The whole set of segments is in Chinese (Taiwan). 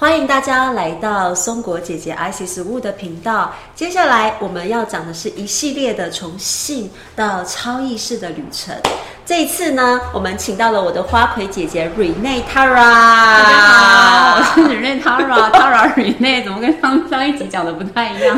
歡迎大家來到松果姐姐 i c 食物的頻道。接下來我們要講的是一系列的從性到超意識的旅程。這一次呢，我們請到了我的花魁姐姐 Renee Tara。大家好，我是 Renee Tara，Tara Tara, Renee，怎麼跟上上一集講的不太一樣？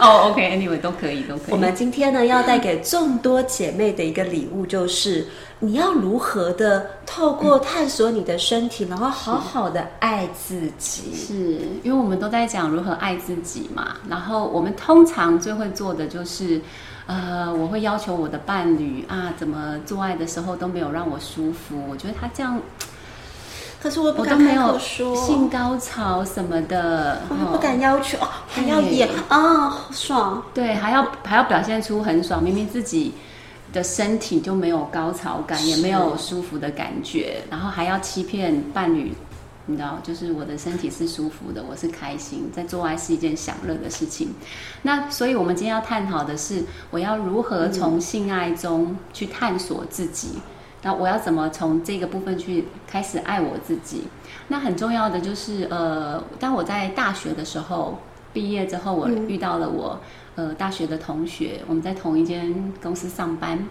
哦、 oh,，OK，anyway、okay, 都可以，都可以。我們今天呢，要帶給眾多姐妹的一個禮物，就是 你要如何的透過探索你的身體，嗯、然後好好的愛自己。是因為我們都在講如何愛自己嘛？然後我們通常最會做的就是。呃，我會要求我的伴侶啊，怎麼做愛的時候都沒有讓我舒服，我覺得他這樣，可是我不敢說我都沒有性高潮什麼的，我還不敢要求哦，還要演啊、哎哦、爽，對，還要還要表現出很爽，明明自己的身體就沒有高潮感，也沒有舒服的感覺，然後還要欺騙伴侶。你知道，就是我的身體是舒服的，我是開心，在做愛是一件享樂的事情。那所以，我們今天要探討的是，我要如何從性愛中去探索自己？那、嗯、我要怎麼從這個部分去開始愛我自己？那很重要的就是，呃，當我在大學的時候畢業之後，我遇到了我、嗯、呃大學的同學，我們在同一間公司上班。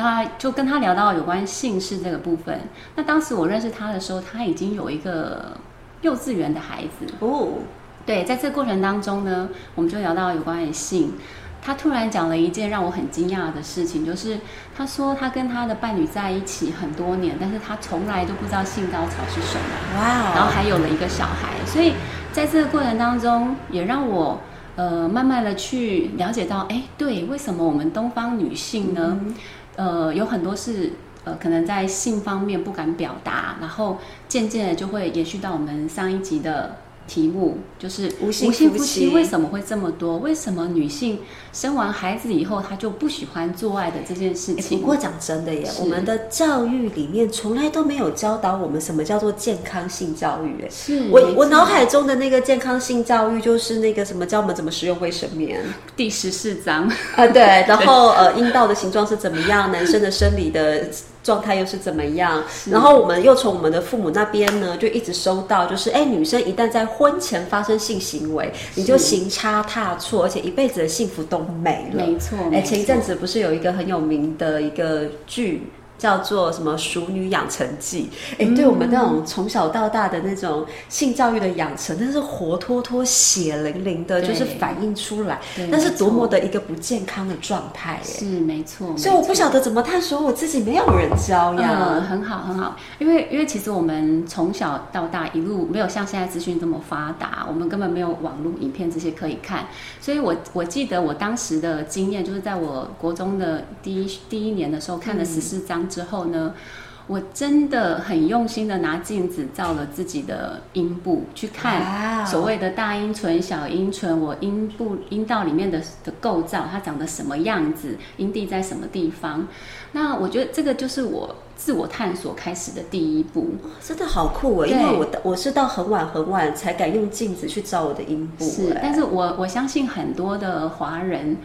那就跟他聊到有關性事這個部分。那當時我認識他的時候，他已經有一個幼稚園的孩子。哦，對，在這個過程當中呢，我們就聊到有關於性。他突然講了一件讓我很驚訝的事情，就是他說他跟他的伴侶在一起很多年，但是他從來都不知道性高潮是什麼。哇哦！然後還有了一個小孩，所以在這個過程當中也讓我呃慢慢的去了解到，哎、欸，對，為什麼我們東方女性呢？嗯呃，有很多是呃，可能在性方面不敢表達，然後漸漸的就會延續到我們上一集的題目就是無性，無性夫妻為什麼會這麼多？為什麼女性生完孩子以後她就不喜歡做愛的這件事情？不過講真的耶，我們的教育裡面從來都沒有教導我們什麼叫做健康性教育。哎，是我我腦海中的那個健康性教育就是那個什麼教我們怎麼使用衛生棉，第十四章啊，對，然後 呃，陰道的形狀是怎麼樣？男生的生理的。 狀態又是怎麼樣？然後我們又從我們的父母那邊呢，就一直收到，就是哎，女生一旦在婚前發生性行為，你就行差踏錯，而且一輩子的幸福都沒了。沒錯，哎，前一陣子不是有一個很有名的一個劇。叫做什麼《熟女養成記》欸？哎，對我們那種從小到大的那種性教育的養成，那、嗯、是活脫脫血淋淋的，就是反映出來，那是多麼的一個不健康的狀態耶。是沒錯。所以我不曉得怎麼探索我自己，沒有人教呀、嗯。很好，很好。因為因為其實我們從小到大一路沒有像現在資訊這麼發達，我們根本沒有網絡影片這些可以看。所以我我記得我當時的經驗，就是在我國中的第一第一年的時候，看了十四章、嗯。之後呢，我真的很用心地拿鏡子照了自己的陰部去看，所謂的大陰唇、小陰唇，我陰部陰道裡面的的構造，它長得什麼樣子，陰蒂在什麼地方。那我覺得這個就是我自我探索開始的第一步，哦、真的好酷哦！因為我我是到很晚很晚才敢用鏡子去照我的陰部，是，欸、但是我我相信很多的華人。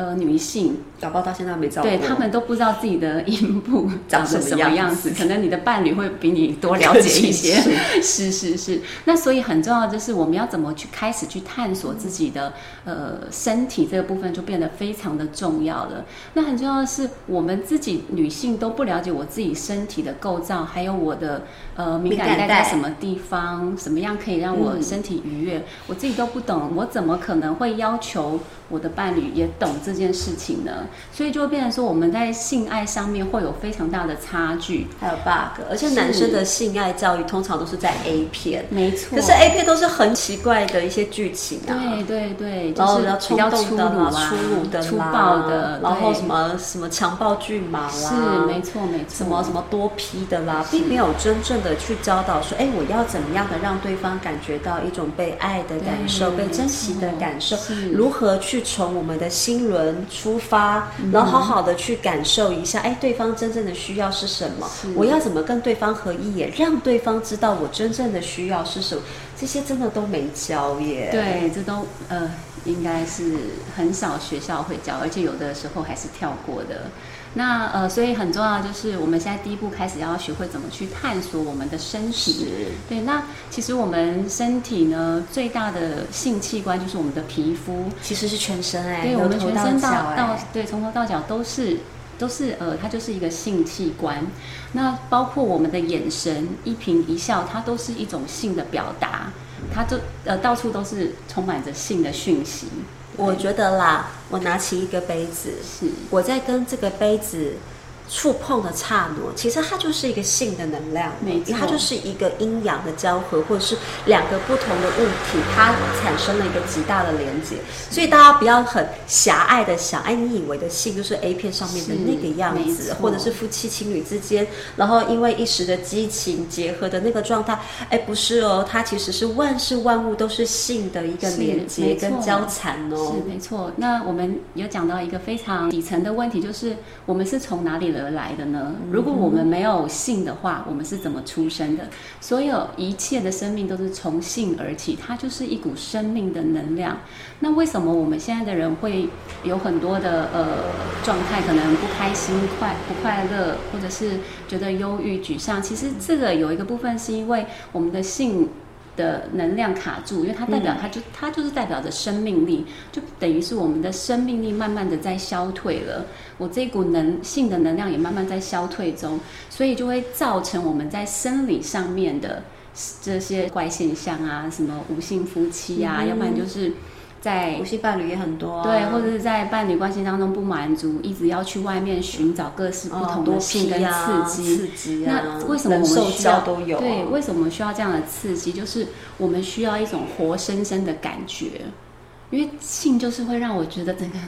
呃，女性早報到現在沒找過，對，他們都不知道自己的陰部長什麼， 長什麼樣子，可能你的伴侶會比你多了解一了解一些。 是是是，是，那所以很重要就是我們要怎麼去開始去探索自己的、嗯、呃身體這個部分，就變得非常的重要了。那很重要的是，我們自己女性都不了解我自己身體的構造，還有我的呃敏感帶在什麼地方、嗯，什麼樣可以讓我身體愉悅、嗯，我自己都不懂，我怎麼可能會要求？我的伴侶也懂這件事情呢，所以就變成說我們在性愛上面會有非常大的差距，還有 bug，而且男生的性愛教育通常都是在 A 片，沒錯，可是 A 片都是很奇怪的一些劇情啊，對對對，就是要衝動的、粗、哦、魯的、粗暴的，然後什麼什麼，什麼強暴巨蟒啦，是沒錯沒錯，什麼什麼多 P 的啦，並沒有真正的去教導說，哎，我要怎麼樣的讓對方感覺到一種被愛的感受、被珍惜的感受，如何去從我們的心輪出發，然後好好的去感受一下，嗯、哎，對方真正的需要是什麼？我要怎麼跟對方合一？也，讓對方知道我真正的需要是什麼？這些真的都沒教耶。對，這都呃。應該是很少學校會教，而且有的時候還是跳過的。那呃，所以很重要就是我們現在第一步開始要學會怎麼去探索我們的身體。對，那其實我們身體呢，最大的性器官就是我們的皮膚，其實是全身哎、欸，對我們全身到從頭到腳、欸、到對，從頭到腳都是都是呃，它就是一個性器官。那包括我們的眼神、一顰一笑，它都是一種性的表達。它就呃，到處都是充滿着性的訊息，我覺得啦，我拿起一個杯子，是我在跟這個杯子，觸碰的剎那，其實它就是一個性的能量的，沒錯，它就是一個陰陽的交合，或者是兩個不同的物體，它產生了一個極大的連接。所以大家不要很狹隘的想，哎，你以為的性就是 A 片上面的那個樣子，或者是夫妻情侶之間，然後因為一時的激情結合的那個狀態。哎，不是哦，它其實是萬事萬物都是性的一個連接跟交纏哦。是，沒錯，哦是沒錯。那我們有講到一個非常底層的問題，就是我們是從哪裡來？而來的呢？如果我們沒有性的話，我們是怎麼出生的？所有一切的生命都是從性而起，它就是一股生命的能量。那為什麼我們現在的人會有很多的呃狀態，可能不開心、快不快樂，或者是覺得憂鬱、沮喪？其實這個有一個部分是因為我們的性。的能量卡住，因為它代表它就、嗯、它就是代表着生命力，就等於是我們的生命力慢慢的在消退了，我這股能性的能量也慢慢在消退中，所以就會造成我們在生理上面的這些怪現象啊，什麼無性夫妻啊，嗯、要不然就是。在夫妻伴侶也很多、啊，對，或者是在伴侶關係當中不滿足，一直要去外面尋找各式不同的性跟刺激、哦啊，刺激啊，那，為什麼我們需要，忍受交都有。對，為什麼需要這樣的刺激？就是我們需要一種活生生的感覺，因為性就是會讓我覺得整個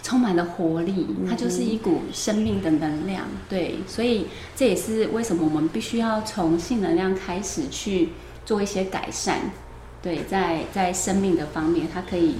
充滿了活力，它就是一股生命的能量、嗯對。對，所以這也是為什麼我們必須要從性能量開始去做一些改善。對，在在生命的方面，它可以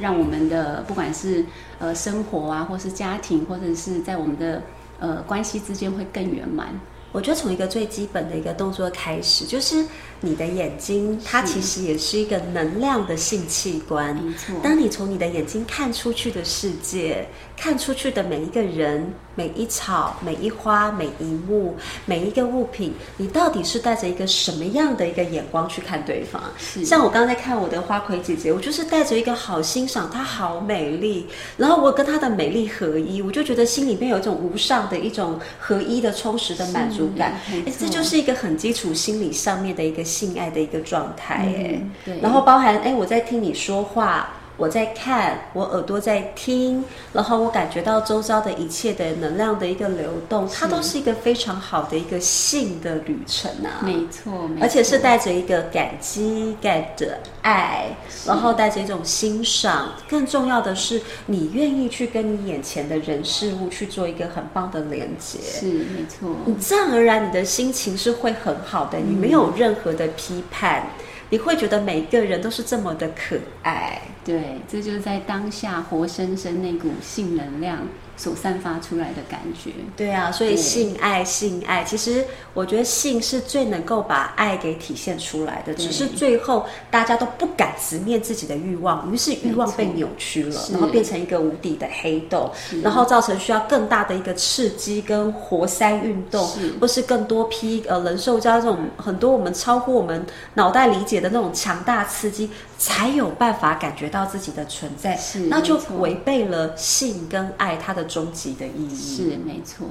讓我們的不管是呃生活啊，或是家庭，或者是在我們的呃關係之間會更圓滿。我覺得從一個最基本的一個動作開始，就是你的眼睛，它其實也是一個能量的性器官。沒錯，當你從你的眼睛看出去的世界，看出去的每一個人，每一草、每一花、每一物、每一個物品，你到底是帶着一個什麼樣的一個眼光去看對方？像我剛才看我的花魁姐姐，我就是帶着一個好欣賞，她好美麗，然後我跟她的美麗合一，我就覺得心裡面有一種無上的一種合一的充實的滿足感。欸、這就是一個很基礎心理上面的一個性愛的一個狀態、欸。誒、嗯，對。然後包含誒、欸，我在聽你說話。我在看，我耳朵在聽，然後我感覺到周遭的一切的能量的一個流動，它都是一個非常好的一個性的旅程啊！沒錯，沒錯。而且是帶着一個感激，帶着愛，然後帶着一種欣賞。更重要的是，你願意去跟你眼前的人事物去做一個很棒的連接。是，沒錯。你自然而然，你的心情是會很好的、嗯，你沒有任何的批判，你會覺得每一個人都是這麼的可愛。對，這就是在當下活生生那股性能量所散發出來的感覺。對啊，所以性愛、性愛，其實我覺得性是最能夠把愛給體現出來的。只是最後大家都不敢直面自己的欲望，於是欲望被扭曲了，然後變成一個無底的黑洞，然後造成需要更大的一個刺激跟活塞運動，是或是更多批呃人獸交這種很多我們超乎我們腦袋理解的那種強大刺激。才有辦法感覺到自己的存在，是，那就違背了性跟愛它的終極的意義。是，沒錯。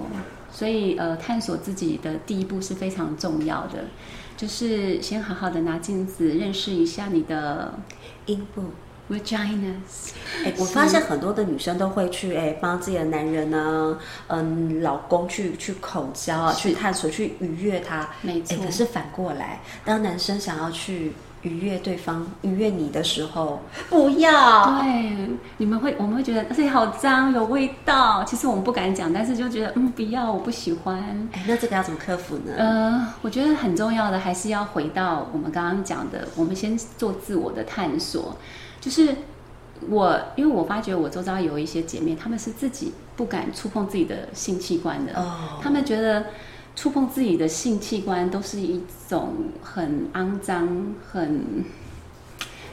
所以呃，探索自己的第一步是非常重要的，就是先好好的拿鏡子認識一下你的陰部 （vagina）。s 我發現很多的女生都會去哎幫自己的男人呢、啊，嗯、呃，老公去去口交啊，去探索，去愉悅他。沒錯，可是反過來，當男生想要去。愉悅對方，愉悅你的時候，不要。對，你們會，我們會覺得，這裡好髒，有味道。其實我們不敢講，但是就覺得，嗯，不要，我不喜歡。那這個要怎麼克服呢？嗯、呃，我覺得很重要的，還是要回到我們剛剛講的，我們先做自我的探索。就是我，因為我發覺我周遭有一些姐妹，她們是自己不敢觸碰自己的性器官的。哦，她們覺得。觸碰自己的性器官都是一種很骯髒、很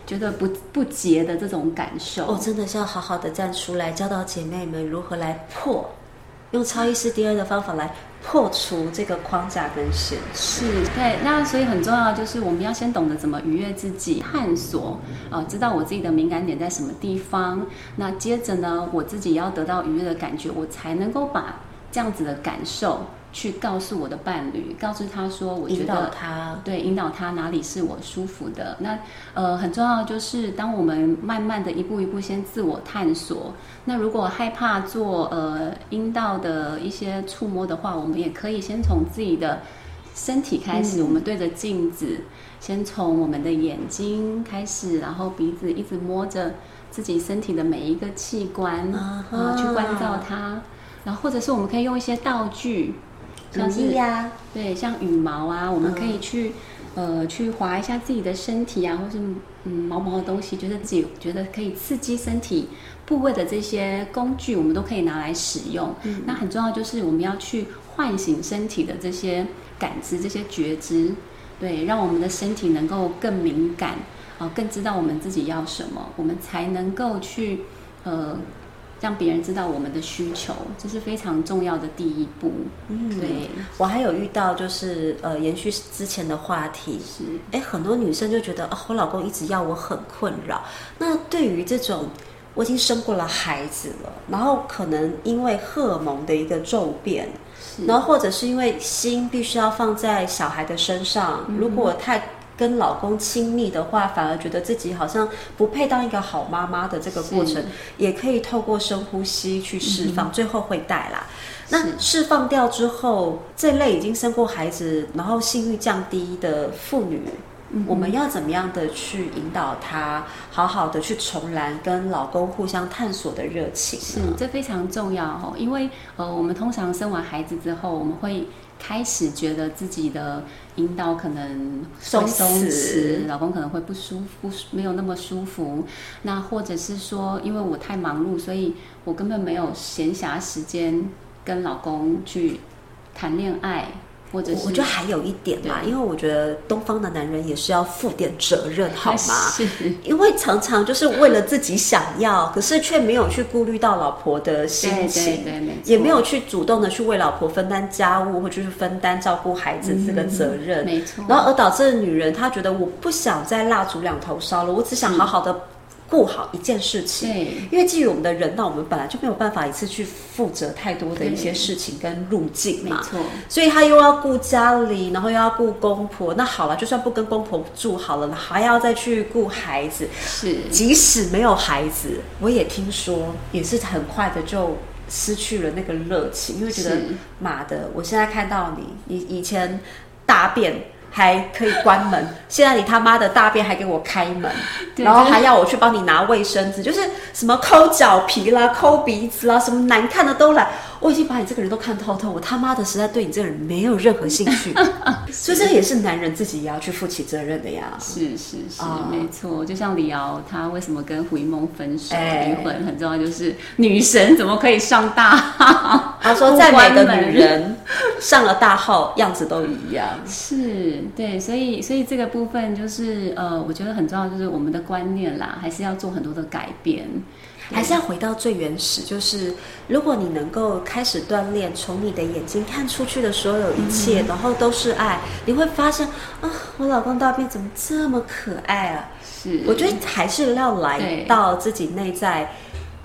覺得不不潔的這種感受。我、哦、真的是要好好的站出來，教導姐妹們如何來破，用超意識 DNA 的方法來破除這個框架跟限制。對，那所以很重要就是我們要先懂得怎麼愉悅自己，探索啊、呃，知道我自己的敏感點在什麼地方。那接着呢，我自己要得到愉悅的感覺，我才能夠把這樣子的感受。去告訴我的伴侶，告訴他說，我覺得引導他，對引導他哪裡是我舒服的。那呃，很重要的就是，當我們慢慢的一步一步先自我探索。那如果害怕做呃陰道的一些觸摸的話，我們也可以先從自己的身體開始，嗯。我們對着鏡子，先從我們的眼睛開始，然後鼻子一直摸着自己身體的每一個器官啊，然後去關照它。然後或者是我們可以用一些道具。對，像羽毛啊，我們可以去，呃，呃去劃一下自己的身體啊，或是嗯毛毛的東西，覺得自己覺得可以刺激身體部位的這些工具，我們都可以拿來使用。嗯，那很重要就是我們要去喚醒身體的這些感知、這些覺知，對，讓我們的身體能夠更敏感啊，呃，更知道我們自己要什麼，我們才能夠去，呃。讓別人知道我們的需求，這是非常重要的第一步。嗯，對，我還有遇到就是呃，延續之前的話題，是誒，很多女生就覺得哦，我老公一直要我，很困擾。那對於這種，我已經生過了孩子了，然後可能因為荷爾蒙的一個驟變，是，然後或者是因為心必須要放在小孩的身上，嗯，如果太。跟老公親密的話，反而覺得自己好像不配當一個好媽媽的這個過程，也可以透過深呼吸去釋放，嗯嗯，最後會帶啦。那釋放掉之後，這類已經生過孩子，然後性慾降低的婦女，嗯嗯，我們要怎麼樣的去引導她，好好的去重燃跟老公互相探索的熱情？是，這非常重要哦，因為呃，我們通常生完孩子之後，我們會開始覺得自己的陰道可能鬆弛，老公可能會不舒服，不，沒有那麼舒服。那或者是說，因為我太忙碌，所以我根本沒有閒暇時間跟老公去談戀愛。我，就是、我覺得還有一點嘛，因為我覺得東方的男人也是要負點責任，好嗎？因為常常就是為了自己想要，可是卻沒有去顧慮到老婆的心情，對對對，沒錯，也沒有去主動的去為老婆分擔家務，或者是分擔照顧孩子這個責任，嗯、沒錯。然後而導致的女人她覺得我不想再蠟燭兩頭燒了，我只想好好的。顧好一件事情，對，因為基於我們的人，那我們本來就沒有辦法一次去負責太多的一些事情跟路徑嘛，沒錯。所以他又要顧家裡，然後又要顧公婆。那好了，就算不跟公婆住好了，還要再去顧孩子。是，即使沒有孩子，我也聽說也是很快的就失去了那個熱情，因為覺得媽的，我現在看到你，你以前大便，才可以關門，現在你他媽的大便還給我開門，然後還要我去幫你拿衛生紙，就是什麼摳腳皮啦、摳鼻子啦，什麼難看的都來。我已經把你這個人都看透透，我他媽的實在對你這個人沒有任何興趣， 所以這個也是男人自己也要去負起責任的呀。是是是、哦、沒錯。就像李敖他為什麼跟胡因夢分手？離、欸、婚很重要，就是女神怎麼可以上大號？他說，再美的女人上了大號 無關門笑樣子都一樣。是對，所以所以這個部分就是呃，我覺得很重要，就是我們的觀念啦，還是要做很多的改變，還是要回到最原始，就是如果你能夠。開始鍛鍊，從你的眼睛看出去的所有一切，嗯，然後都是愛。你會發現，啊、呃，我老公大兵怎麼這麼可愛啊？是，我覺得還是要來到自己內在。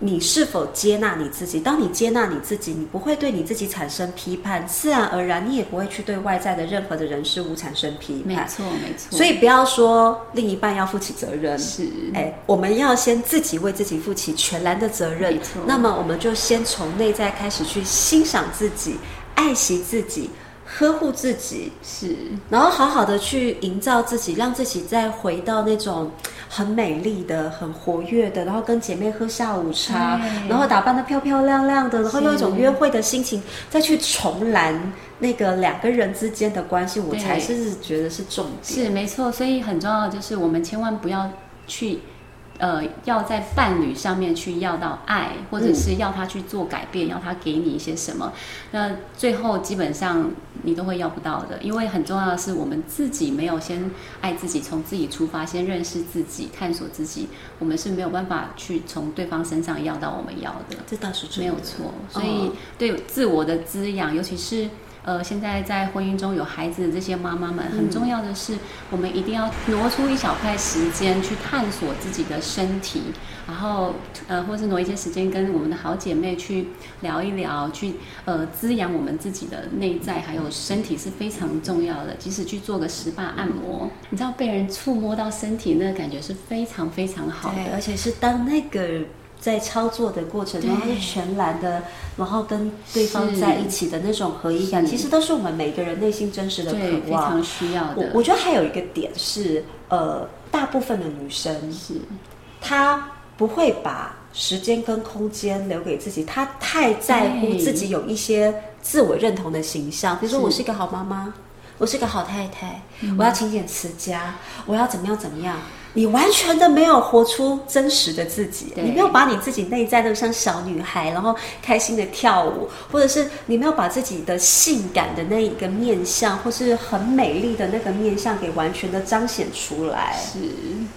你是否接納你自己？當你接納你自己，你不會對你自己產生批判，自然而然，你也不會去對外在的任何的人事物產生批判。沒錯，沒錯。所以不要說另一半要負起責任，是、欸，我們要先自己為自己負起全然的責任。沒錯。那麼我們就先從內在開始去欣賞自己，愛惜自己，呵護自己，是，然後好好的去營造自己，讓自己再回到那種。很美麗的，很活躍的，然後跟姐妹喝下午茶，然後打扮得漂漂亮亮的，然後用一種約會的心情再去重燃那個兩個人之間的關係，我才是覺得是重點。是沒錯，所以很重要的就是我們千萬不要去，呃，要在伴侶上面去要到愛，或者是要他去做改變，嗯、要他給你一些什麼，那最後基本上。你都會要不到的，因為很重要的是，我們自己沒有先愛自己，從自己出發，先認識自己，探索自己，我們是沒有辦法去從對方身上要到我們要的。這倒是沒有錯。所以對自我的滋養，哦、尤其是呃，現在在婚姻中有孩子的這些媽媽們，嗯、很重要的是，我們一定要挪出一小塊時間去探索自己的身體。然後，呃，或是挪一些時間跟我們的好姐妹去聊一聊，去呃滋養我們自己的內在，還有身體是非常重要的。即使去做個 SPA 按摩，嗯、你知道被人觸摸到身體，那個感覺是非常非常好的，而且是當那個在操作的過程中，它是全然的，然後跟對方在一起的那種合一感，其實都是我們每個人內心真實的渴望，非常需要的。我，我覺得還有一個點是，呃，大部分的女生是她。不會把時間跟空間留給自己，他太在乎自己有一些自我認同的形象。比如說，我是一個好媽媽，我是一個好太太，嗯、我要勤儉持家，我要怎麼樣怎麼樣。你完全的沒有活出真實的自己，你沒有把你自己內在的像小女孩，然後開心的跳舞，或者是你沒有把自己的性感的那一個面向，或是很美麗的那個面向給完全的彰顯出來，是，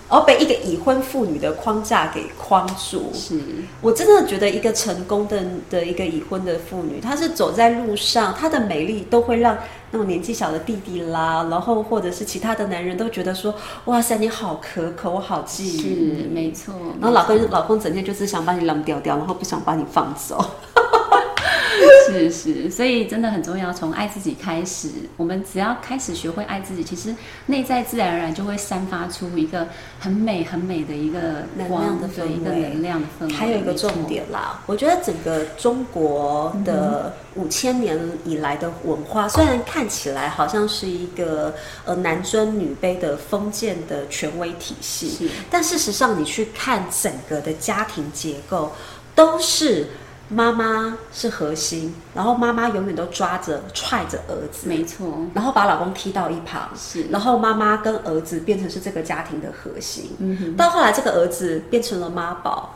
而被一個已婚婦女的框架給框住。是，我真的覺得一個成功的的一個已婚的婦女，她是走在路上，她的美麗都會讓。那種年紀小的弟弟啦，然後或者是其他的男人都覺得說：“哇塞，你好可口，我好記。”是沒錯，沒錯。然後老公老公整天就是想把你扔掉掉，然後不想把你放走。 是是，所以真的很重要，從愛自己開始。我們只要開始學會愛自己，其實內在自然而然就會散發出一個很美很美的一個光的一個能量的氛圍。還有一個重點啦，我覺得整個中國的五千年以來的文化、嗯，雖然看起來好像是一個呃男尊女卑的封建的權威體系，但事實上你去看整個的家庭結構都是。媽媽是核心，然後媽媽永遠都抓着、踹着兒子，沒錯，然後把老公踢到一旁，是，然後媽媽跟兒子變成是這個家庭的核心，嗯哼。到後來，這個兒子變成了媽寶，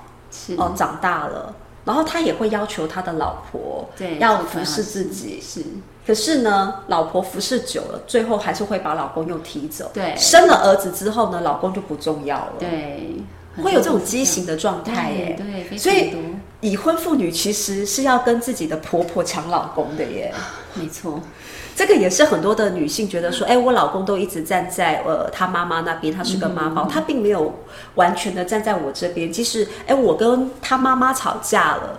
哦，長大了，然後他也會要求他的老婆對要服侍自己是、啊，是。可是呢，老婆服侍久了，最後還是會把老公又踢走，對。生了兒子之後呢，老公就不重要了，對，會有這種畸形的狀態耶，哎，對，所以。已婚婦女其實是要跟自己的婆婆搶老公的耶，沒錯，這個也是很多的女性覺得說，哎、嗯欸，我老公都一直站在呃他媽媽那邊，他是個媽寶、嗯，他並沒有完全的站在我這邊。其實，哎、欸，我跟他媽媽吵架了，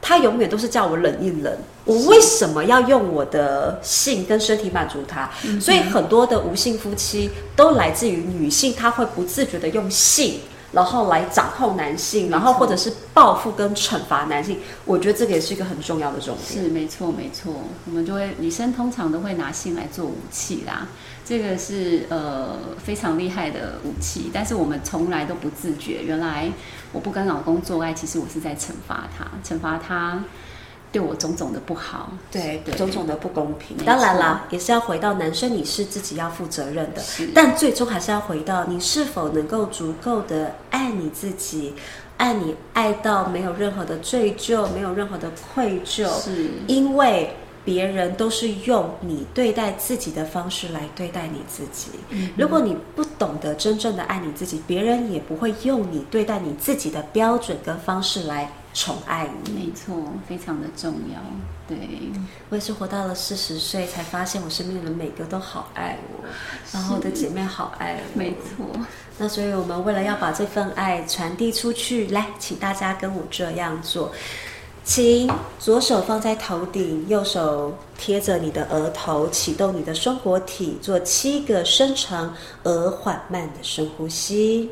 他永遠都是叫我冷一冷。我為什麼要用我的性跟身體滿足他、嗯？所以很多的無性夫妻都來自於女性，她會不自覺的用性。然後來掌控男性，然後或者是報復跟懲罰男性，我覺得這個也是一個很重要的重點。是沒錯，沒錯，我們就會，女生通常都會拿性來做武器啦，這個是呃非常厲害的武器，但是我們從來都不自覺。原來我不跟老公做愛，其實我是在懲罰他，懲罰他。對我種種的不好，對，對種種的不公平，當然啦，也是要回到男生，你是自己要負責任的。是，但最終還是要回到你是否能夠足夠的愛你自己，愛你愛到沒有任何的罪疚，沒有任何的愧疚。是，因為別人都是用你對待自己的方式來對待你自己。嗯，如果你不懂得真正的愛你自己，別人也不會用你對待你自己的標準跟方式來。寵愛你沒錯，非常的重要。對我也是活到了四十歲，才發現我身邊的人每個都好愛我，然後我的姐妹好愛我。沒錯，那所以我們為了要把這份愛傳遞出去，來，請大家跟我這樣做：請左手放在頭頂，右手貼着你的額頭，啟動你的松果體，做七個深長而緩慢的深呼吸。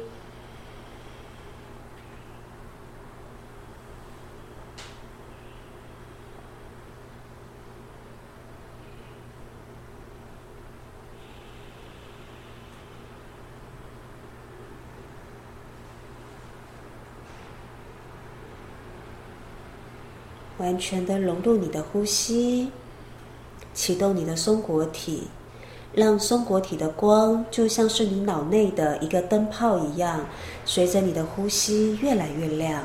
完全的融入你的呼吸，啟動你的松果體，讓松果體的光就像是你腦內的一個燈泡一樣，隨着你的呼吸越來越亮。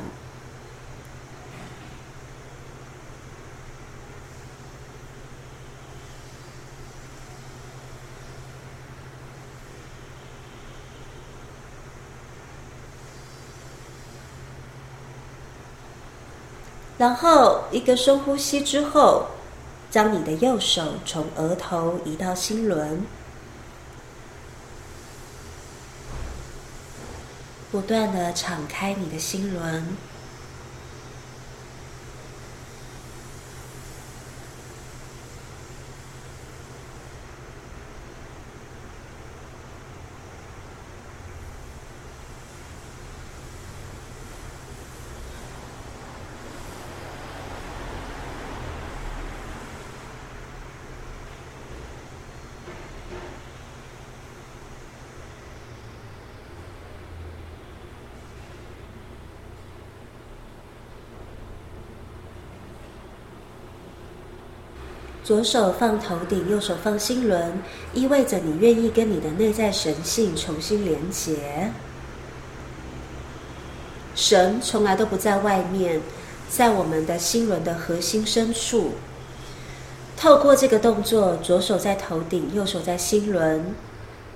然後一個深呼吸之後，將你的右手從額頭移到心輪，不斷的敞開你的心輪。左手放頭頂，右手放心輪，意味着你願意跟你的內在神性重新連接。神從來都不在外面，在我們的心輪的核心深處。透過這個動作，左手在頭頂，右手在心輪。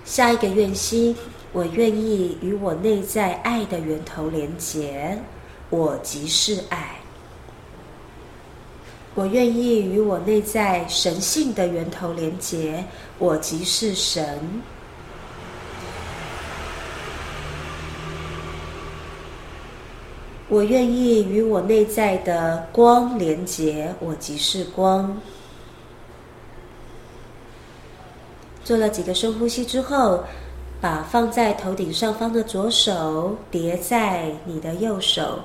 下一個願心，我願意與我內在愛的源頭連接，我即是愛。我願意與我內在神性的源頭連結，我即是神。我願意與我內在的光連結，我即是光。做了幾個深呼吸之後，把放在頭頂上方的左手疊在你的右手，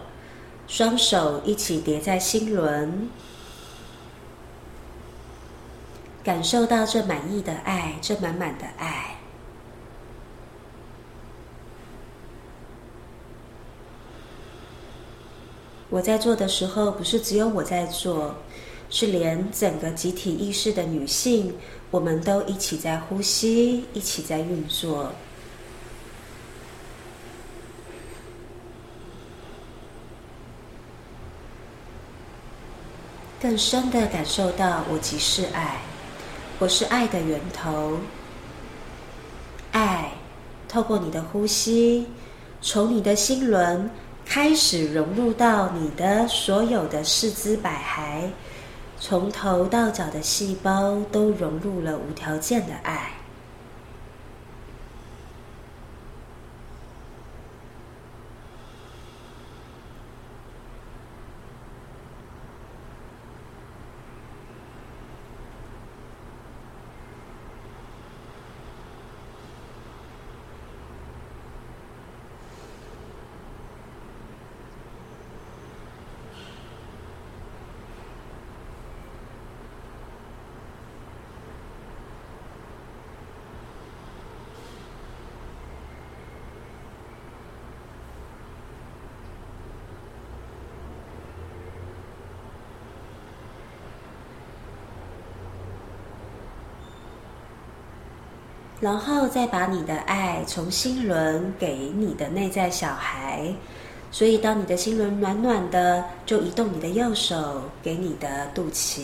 雙手一起疊在心輪。感受到這滿意的愛，這滿滿的愛。我在做的時候，不是只有我在做，是連整個集體意識的女性，我們都一起在呼吸，一起在運作，更深的感受到我即是愛。我是愛的源頭，愛透過你的呼吸，從你的心輪開始融入到你的所有的四肢百骸，從頭到腳的細胞都融入了無條件的愛。然後再把你的愛從心輪給你的內在小孩，所以當你的心輪暖暖的，就移動你的右手給你的肚臍，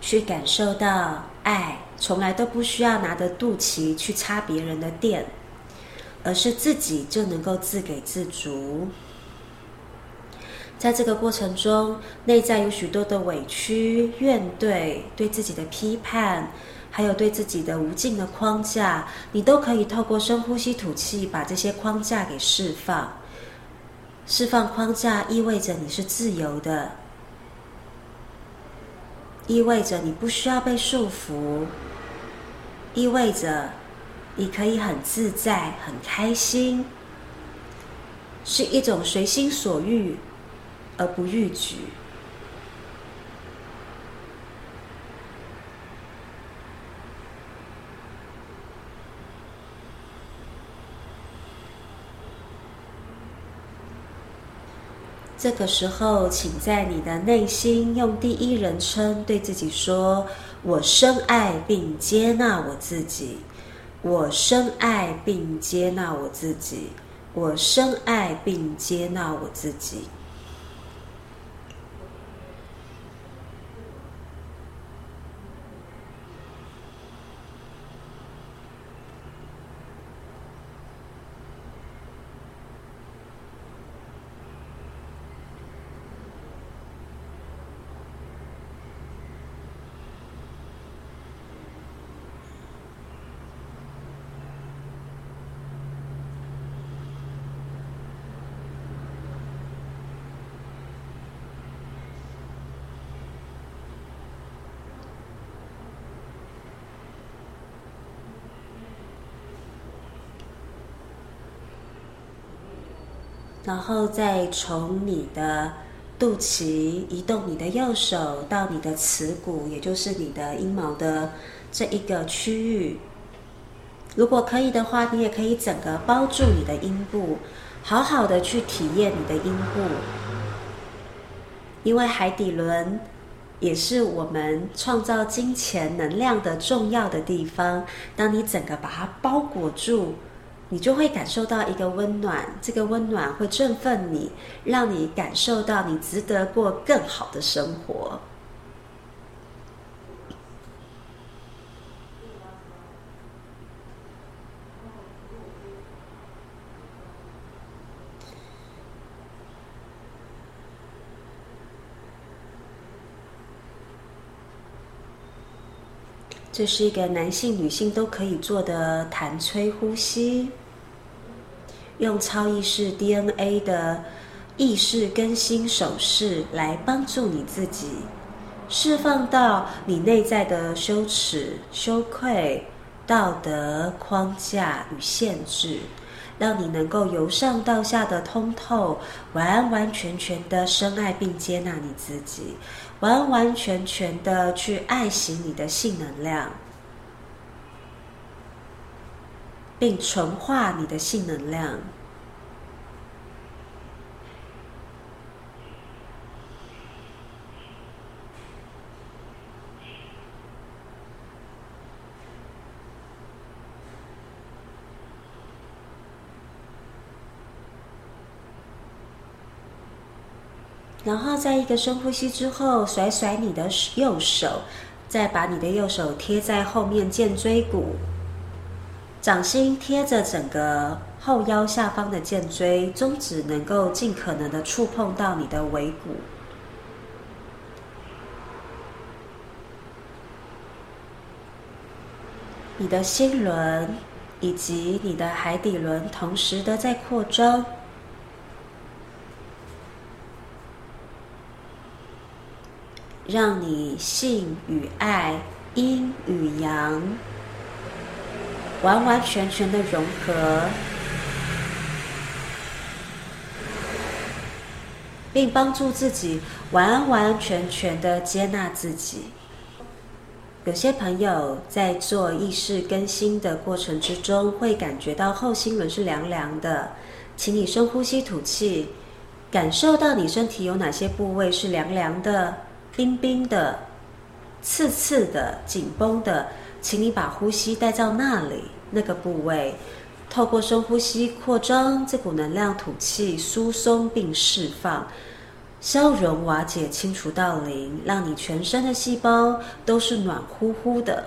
去感受到愛從來都不需要拿着肚臍去插別人的電，而是自己就能夠自給自足。在這個過程中，內在有許多的委屈、怨懟，對自己的批判。還有對自己的無盡的框架，你都可以透過深呼吸吐氣，把這些框架給釋放。釋放框架意味着你是自由的，意味着你不需要被束縛，意味着你可以很自在、很開心，是一種隨心所欲而不逾矩。這個時候，請在你的內心用第一人稱對自己說：“我深愛並接納我自己，我深愛並接納我自己，我深愛並接納我自己。”然後再從你的肚臍移動你的右手到你的恥骨，也就是你的陰毛的這一個區域。如果可以的話，你也可以整個包住你的陰部，好好的去體驗你的陰部。因為海底輪也是我們創造金錢能量的重要的地方。當你整個把它包裹住。你就會感受到一個溫暖，這個溫暖會振奮你，讓你感受到你值得過更好的生活。這是一個男性、女性都可以做的彈吹呼吸。用超意識 DNA 的意識更新手勢來幫助你自己，釋放到你內在的羞恥、羞愧、道德框架與限制，讓你能夠由上到下的通透，完完全全的深愛並接納你自己，完完全全的去愛惜你的性能量。並純化你的性能量。然後，在一個深呼吸之後，甩甩你的右手，再把你的右手貼在後面肩椎骨。掌心貼着整個後腰下方的薦椎，中指能夠盡可能的觸碰到你的尾骨。你的心輪以及你的海底輪同時都在擴張，讓你性與愛，陰與陽。完完全全的融合，並幫助自己完完全全的接納自己。有些朋友在做意識更新的過程之中，會感覺到後心輪是涼涼的，請你深呼吸吐氣，感受到你身體有哪些部位是涼涼的、冰冰的、刺刺的、緊繃的。請你把呼吸帶到那裡那個部位，透過深呼吸擴張這股能量，吐氣疏鬆並釋放，消融、瓦解、清除到零，讓你全身的細胞都是暖乎乎的，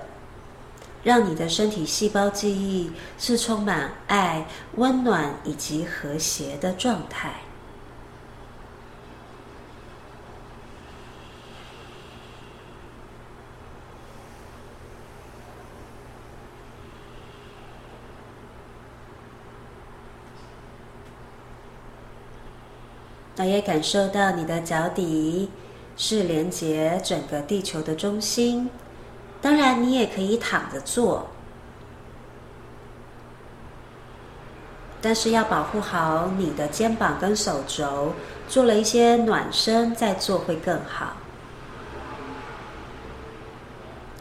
讓你的身體細胞記憶是充滿愛、溫暖以及和諧的狀態。那也感受到你的腳底是連接整個地球的中心。當然，你也可以躺着做，但是要保護好你的肩膀跟手肘。做了一些暖身再做會更好。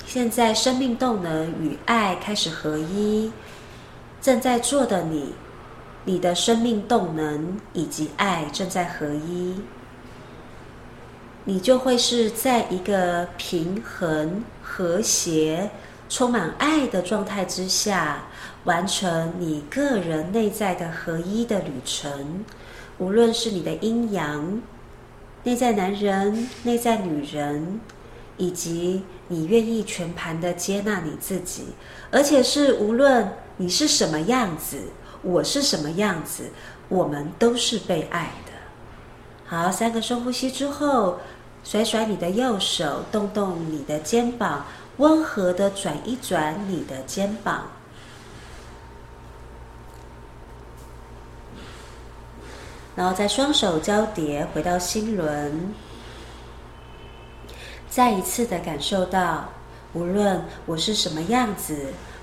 現在，生命動能與愛開始合一，正在做的你。你的生命動能以及愛正在合一，你就會是在一個平衡、和諧、充滿愛的狀態之下，完成你個人內在的合一的旅程。無論是你的陰陽、內在男人、內在女人，以及你願意全盤的接納你自己，而且是無論你是什麼樣子。我是什麼樣子？我們都是被愛的。好，三個深呼吸之後，甩甩你的右手，動動你的肩膀，溫和的轉一轉你的肩膀，然後再雙手交疊回到心輪，再一次的感受到，無論我是什麼樣子，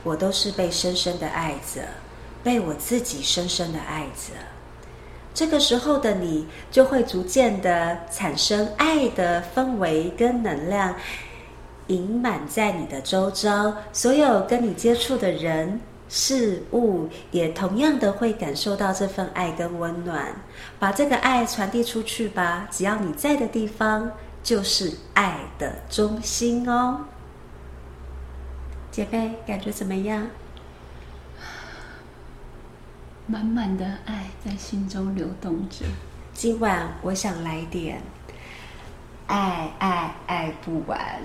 我都是被深深的愛着。被我自己深深的愛着，這個時候的你就會逐漸的產生愛的氛圍跟能量，盈滿在你的周遭，所有跟你接觸的人事物也同樣的會感受到這份愛跟溫暖。把這個愛傳遞出去吧，只要你在的地方就是愛的中心哦。姐妹，感覺怎麼樣？滿滿的愛在心中流動着。今晚我想來點愛愛愛不完。